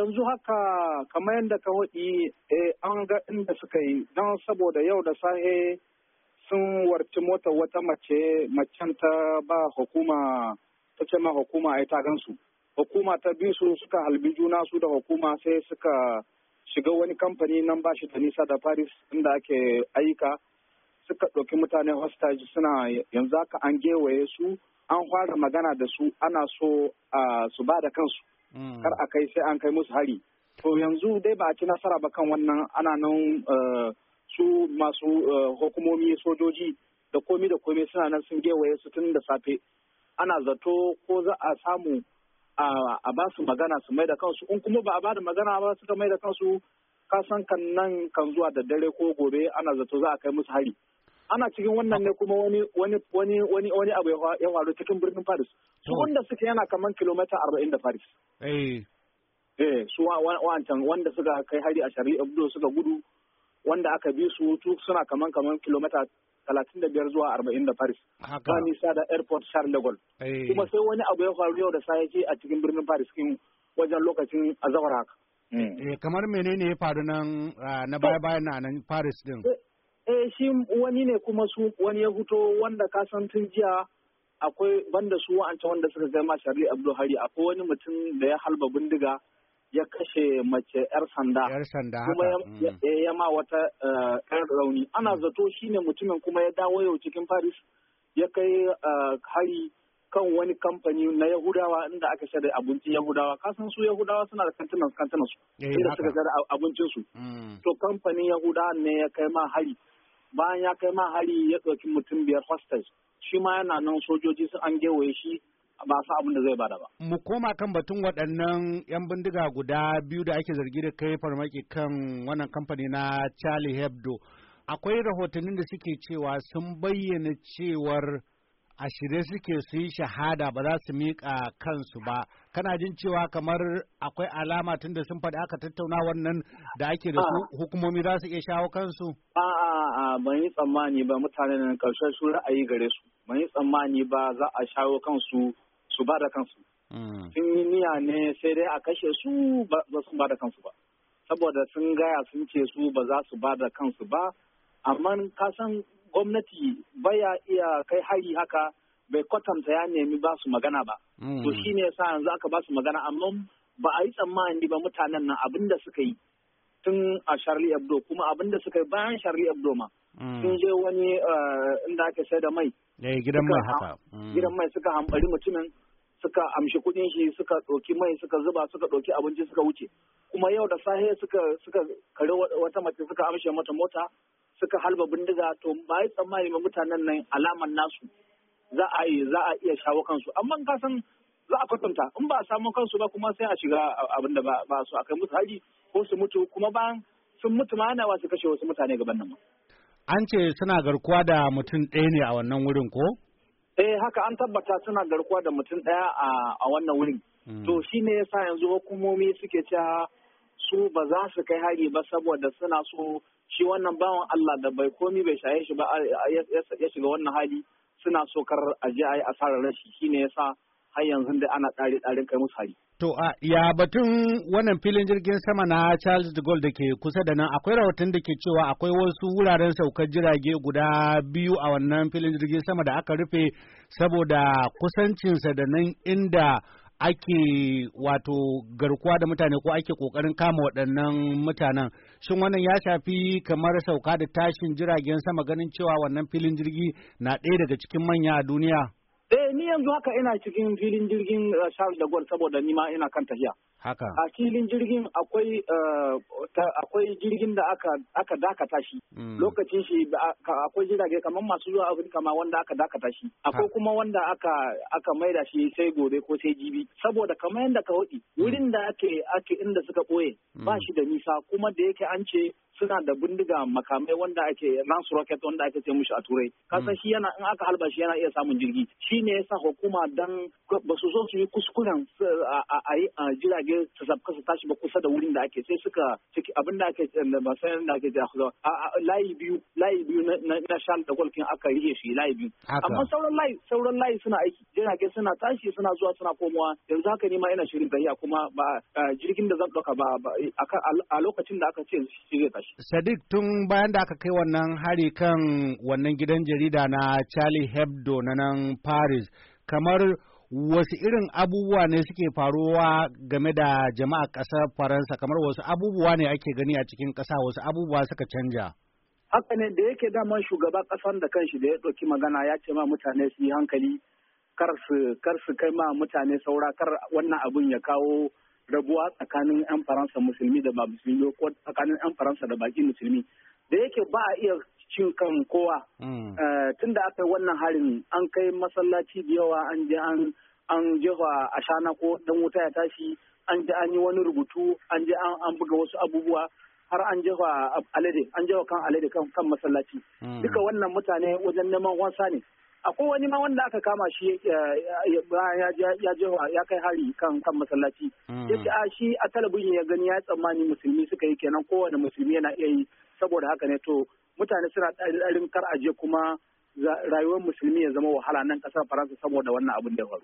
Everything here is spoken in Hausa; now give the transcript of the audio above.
yanzu haka kamar yadda ka waɗi eh, an ga inda suka yi don saboda yau da sahe sun warci mota wata mace macen ta ba hukuma ta ce ma hukuma a ta gansu hukuma ta bi su suka halbi juna su da hukuma sai suka shiga wani kamfani nan ba shi da nisa da paris inda ake ayyuka suka ɗauki mutane hostage suna yanzu haka an gewaye su an fara magana da su ana so ah, su ba da kansu Mm. kar a kai sai an kai musu hari to yanzu dai ba a ci nasara ba kan wannan ana nan eh, su masu eh, hukumomi sojoji da komi da komi suna nan sun gewaye su tun da safe ana zato ko za a samu a ba su magana su mai da kansu in kuma ba a ba da magana ba suka mai da kansu kasan kan nan kan zuwa da dare ko gobe ana zato za a kai musu hari ana cikin wannan ne kuma wani wani wani wani wani abu ya faru cikin birnin Paris. Su wanda suke yana kaman kilomita arba'in da Paris. Eh. Eh su wancan wanda suka kai hari a Shari'a Abdo suka gudu wanda aka bi su suna kaman kaman kilomita talatin da biyar zuwa arba'in da Paris. Haka. Ba nisa da airport Charles de Gaulle. Eh. Kuma sai wani abu ya faru yau da yake a cikin birnin Paris kin wajen lokacin azawar haka. Eh, kamar menene ya faru nan ah, na baya-bayan na nan Paris din? Eh, eh shi wani ne kuma su wani ya fito wanda ka san tun jiya akwai banda su wa'ancan wanda suka kai ma abdul hari. akwai wani mutum da ya halba bindiga ya kashe mace 'yar sanda kuma mm. eh, ya ma wata eh, 'yar rauni ana mm. zato shine mutumin kuma ya dawo yau cikin Paris ya kai eh, hari kan wani kamfani na Yahudawa inda aka shaida abincin Yahudawa kasan su Yahudawa suna da kantinan kantinan su inda suka shaida abincin su mm. to kamfanin Yahudawa ne ya kai ma hari bayan ya kai ma hari ya ɗauki mutum biyar hostage shi ma yana nan sojoji su an gewaye shi ba su abin da zai bada ba. Mu koma kan batun waɗannan 'yan bindiga guda biyu da ake zargi da kai farmaki kan wannan kamfani na Charlie Hebdo. Akwai rahotannin da suke cewa sun bayyana cewar a shirye suke su yi shahada ba za su miƙa kansu ba kana jin cewa kamar akwai alama tun da sun faɗi aka tattauna wannan da ake da su hukumomi za su iya shawo kansu a'a ban yi tsammani ba mutane nan ƙarshen su ra'ayi gare su ban yi tsammani ba za a shawo kansu su ba da kansu hmm. sun yi niyya ne sai dai a kashe su ba su ba da kansu ba saboda sun gaya sun ce su ba za su ba da kansu ba amma ka san gwamnati baya iya kai hari haka bai kwatanta ya nemi ba su magana ba. Mm. To shi ne sa yanzu aka ba su magana amma ba a yi tsammani ba mutanen nan abin da suka yi tun a Charlie Hebdo kuma abin da suka yi bayan Charlie Hebdo ma. Mm. Sun je wani eh, inda ake sai da mai. Eh, gidan mai haka. Mm. Gidan mai suka hambari mutumin suka amshi kudin shi suka ɗauki mai suka zuba suka ɗauki abinci suka wuce. Kuma yau da safe suka suka kare wata mace suka amshe mata mota suka halba bindiga to ba yi tsammani ba mutanen nan alaman nasu za a yi za a iya shawo kansu amma ka san za a kwatanta in ba a samu kansu ba kuma sai a shiga abin da ba su a kai musu haji ko su mutu kuma bayan sun mutu ma yana wasu kashe wasu mutane gaban nan an ce suna garkuwa da mutum ɗaya ne a wannan wurin ko eh haka an tabbata suna garkuwa da mutum ɗaya a wannan wurin hmm. to shine yasa yanzu hukumomi suke cewa su ba za su kai hari ba saboda suna so shi wannan bawan Allah da bai komi bai shaye shi ba ya shiga wannan hali suna so kar a je a yi asarar rashi shine yasa har yanzu da ana tsari tsarin kai musu hali To a ya batun wannan filin jirgin sama na Charles de Gaulle da ke kusa da nan akwai rahoton da ke cewa akwai wasu wuraren saukar jirage guda biyu a wannan filin jirgin sama da aka rufe saboda kusancinsa da nan inda ake wato garkuwa da mutane ko ake kokarin kama waɗannan mutanen shin wannan ya shafi kamar sauka da tashin jiragen sama ganin cewa wannan filin jirgi na ɗaya daga cikin manya a duniya eh ni yanzu haka ina cikin filin jirgin eh, Charles de Gaulle saboda ni ma ina kan tafiya Haka. A filin jirgin akwai eh, akwai jirgin da aka aka dakata shi. Mm. Lokacin shi akwai jirage kamar masu zuwa Afirka ma wanda aka dakata shi. Akwai kuma wanda aka aka maida shi sai gobe ko sai jibi. Saboda kamar yadda ka hudi mm. wurin da ake ake inda suka ɓoye ba mm. shi da nisa kuma da yake an ce suna da bindiga makamai wanda ake lance rocket wanda ake ce mushi a turai kasan hmm. shi yana in aka halba shi yana iya samun jirgi shi ne yasa hukuma dan ba su zo su yi kuskuren a yi a jirage su sabka su tashi ba kusa da wurin da ake sai suka ciki abin da ake da sai da ake a layi biyu layi biyu na shal da golfin aka rike shi layi biyu amma sauran layi sauran layi suna aiki jirage suna tashi suna zuwa suna komowa yanzu haka ni ma ina shirin tafiya kuma ba jirgin da zan ɗauka ba a lokacin da aka ce shi zai tashi Sadiq tun bayan da aka kai wannan hari kan wannan gidan jarida na Charlie Hebdo na nan Paris, kamar wasu irin abubuwa ne suke faruwa game da jama'a ƙasar Faransa, kamar wasu abubuwa ne ake gani a cikin ƙasa, wasu abubuwa suka canja. Haka ne da yake daman shugaba ƙasar da kanshi da ya ɗauki magana ya ce ma mutane su yi hankali kar su kai ma mutane saura kar wannan abun ya kawo rabuwa tsakanin 'yan faransa musulmi da ba musulmi ko tsakanin 'yan faransa da baki musulmi da yake ba a iya cin kan kowa hmm. eh, tun da aka yi wannan harin an kai masallaci da yawa an je an jefa a shana ko dan wuta ya tashi an je an yi wani rubutu an je an buga wasu abubuwa har an jefa alade an jefa kan alade kan masallaci hmm. duka wannan mutane wajen neman wansa ne akwai wani ma wanda aka kama shi eh, eh, ya je ya kai hari kan kan masallaci hmm. yace a ah, shi a talabijin ya gani ya tsammani musulmi suka yi kenan kowane musulmi yana iya yi saboda haka ne to mutane suna ɗarin kar aje kuma rayuwar musulmi ya zama wahala nan ƙasar faransa saboda wannan abin da faru